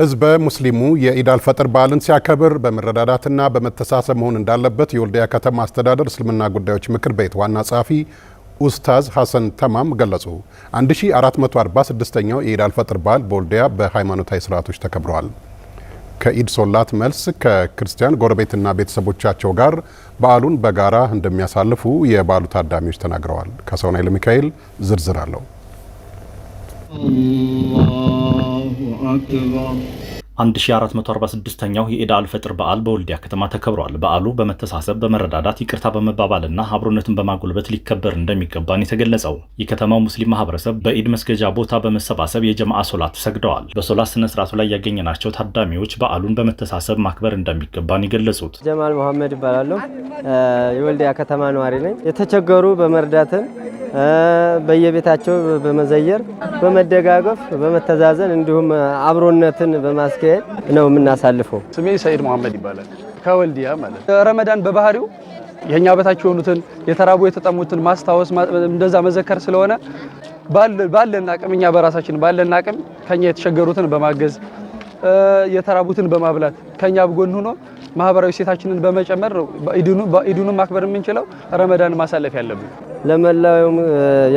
ህዝበ ሙስሊሙ የኢድ አልፈጥር በዓልን ሲያከብር በመረዳዳትና በመተሳሰብ መሆን እንዳለበት የወልዲያ ከተማ አስተዳደር እስልምና ጉዳዮች ምክር ቤት ዋና ጸሐፊ ኡስታዝ ሐሰን ተማም ገለጹ። 1446ኛው የኢድ አልፈጥር በዓል በወልዲያ በሃይማኖታዊ ስርዓቶች ተከብረዋል። ከኢድ ሶላት መልስ ከክርስቲያን ጎረቤትና ቤተሰቦቻቸው ጋር በዓሉን በጋራ እንደሚያሳልፉ የበዓሉ ታዳሚዎች ተናግረዋል። ከሰውን ኃይለ ሚካኤል ዝርዝር አለው። 1446ኛው የኢድ አልፈጥር በዓል በወልዲያ ከተማ ተከብሯል። በዓሉ በመተሳሰብ በመረዳዳት ይቅርታ በመባባልና አብሮነትን በማጎልበት ሊከበር እንደሚገባን የተገለጸው የከተማው ሙስሊም ማህበረሰብ በኢድ መስገጃ ቦታ በመሰባሰብ የጀማአ ሶላት ሰግደዋል። በሶላት ስነ ስርዓቱ ላይ ያገኘናቸው ታዳሚዎች በዓሉን በመተሳሰብ ማክበር እንደሚገባን የገለጹት ጀማል መሐመድ ይባላለሁ። የወልዲያ ከተማ ነዋሪ ነኝ። የተቸገሩ በመርዳትን በየቤታቸው በመዘየር በመደጋገፍ በመተዛዘን እንዲሁም አብሮነትን በማስካሄድ ነው የምናሳልፈው። ስሜ ሰይድ መሐመድ ይባላል። ከወልዲያ ማለት ረመዳን በባህሪው የእኛ በታች የሆኑትን የተራቡ የተጠሙትን ማስታወስ እንደዛ መዘከር ስለሆነ ባለን አቅም እኛ በራሳችን ባለን አቅም ከኛ የተቸገሩትን በማገዝ የተራቡትን በማብላት ከኛ ጎን ሆኖ ማህበራዊ ሴታችንን በመጨመር ነው ኢዱኑን ማክበር የምንችለው፣ ረመዳን ማሳለፍ ያለብን። ለመላውም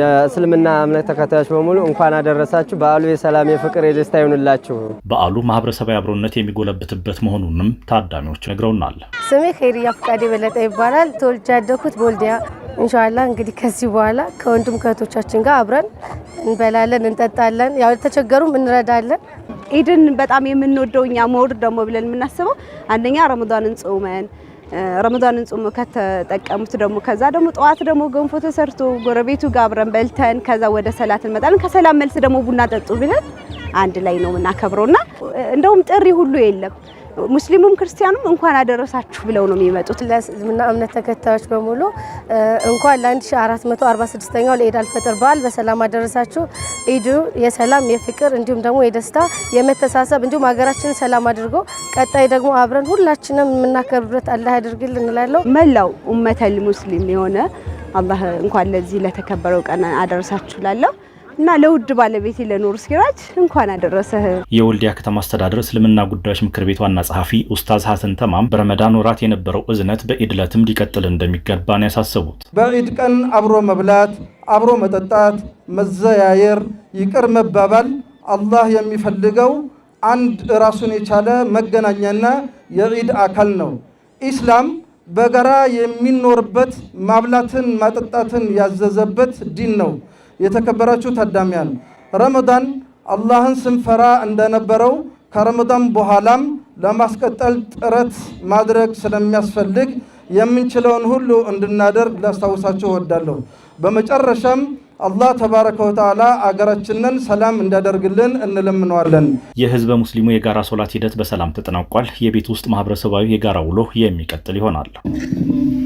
የእስልምና እምነት ተከታዮች በሙሉ እንኳን አደረሳችሁ። በዓሉ የሰላም የፍቅር፣ የደስታ ይሁንላችሁ። በዓሉ ማህበረሰባዊ አብሮነት የሚጎለብትበት መሆኑንም ታዳሚዎች ነግረውናል። ስሜ ኸይርያ ፍቃዴ በለጠ ይባላል። ተወልጄ ያደኩት በወልዲያ። እንሻላ እንግዲህ ከዚህ በኋላ ከወንድም ከእህቶቻችን ጋር አብረን እንበላለን፣ እንጠጣለን፣ ያው ተቸገሩም እንረዳለን። ኢድን በጣም የምንወደው እኛ መውድ ደግሞ ብለን የምናስበው አንደኛ ረመዳንን ጾመን ረመዳንን ጾሞ ከተጠቀሙት ደግሞ ከዛ ደግሞ ጠዋት ደግሞ ገንፎ ተሰርቶ ጎረቤቱ ጋር አብረን በልተን ከዛ ወደ ሰላት እንመጣለን። ከሰላም መልስ ደግሞ ቡና ጠጡ ብለን አንድ ላይ ነው የምናከብረውና እንደውም ጥሪ ሁሉ የለም ሙስሊሙም ክርስቲያኑም እንኳን አደረሳችሁ ብለው ነው የሚመጡት። ለእስልምና እምነት ተከታዮች በሙሉ እንኳን ለ1446ኛው ለኢድ አልፈጥር በዓል በሰላም አደረሳችሁ። ኢዱ የሰላም የፍቅር፣ እንዲሁም ደግሞ የደስታ የመተሳሰብ እንዲሁም ሀገራችንን ሰላም አድርጎ ቀጣይ ደግሞ አብረን ሁላችንም የምናከብርበት አላህ ያድርግልን እንላለው። መላው ኡመተል ሙስሊም የሆነ አላህ እንኳን ለዚህ ለተከበረው ቀን አደረሳችሁ ላለሁ እና ለውድ ባለቤቴ ለኖር ሲራጅ እንኳን አደረሰህ። የወልዲያ ከተማ አስተዳደር እስልምና ጉዳዮች ምክር ቤት ዋና ጸሐፊ ኡስታዝ ሀሰን ተማም በረመዳን ወራት የነበረው እዝነት በኢድ ዕለትም ሊቀጥል እንደሚገባ ነው ያሳሰቡት። በኢድ ቀን አብሮ መብላት፣ አብሮ መጠጣት፣ መዘያየር፣ ይቅር መባባል አላህ የሚፈልገው አንድ ራሱን የቻለ መገናኛና የኢድ አካል ነው። ኢስላም በጋራ የሚኖርበት ማብላትን ማጠጣትን ያዘዘበት ዲን ነው። የተከበራችሁ ታዳሚያን ረመዳን አላህን ስንፈራ እንደነበረው ከረመዳን በኋላም ለማስቀጠል ጥረት ማድረግ ስለሚያስፈልግ የምንችለውን ሁሉ እንድናደርግ ላስታውሳችሁ እወዳለሁ። በመጨረሻም አላህ ተባረከ ወተዓላ አገራችንን ሰላም እንዲያደርግልን እንለምነዋለን። የህዝበ ሙስሊሙ የጋራ ሶላት ሂደት በሰላም ተጠናቋል። የቤት ውስጥ ማህበረሰባዊ የጋራ ውሎ የሚቀጥል ይሆናል።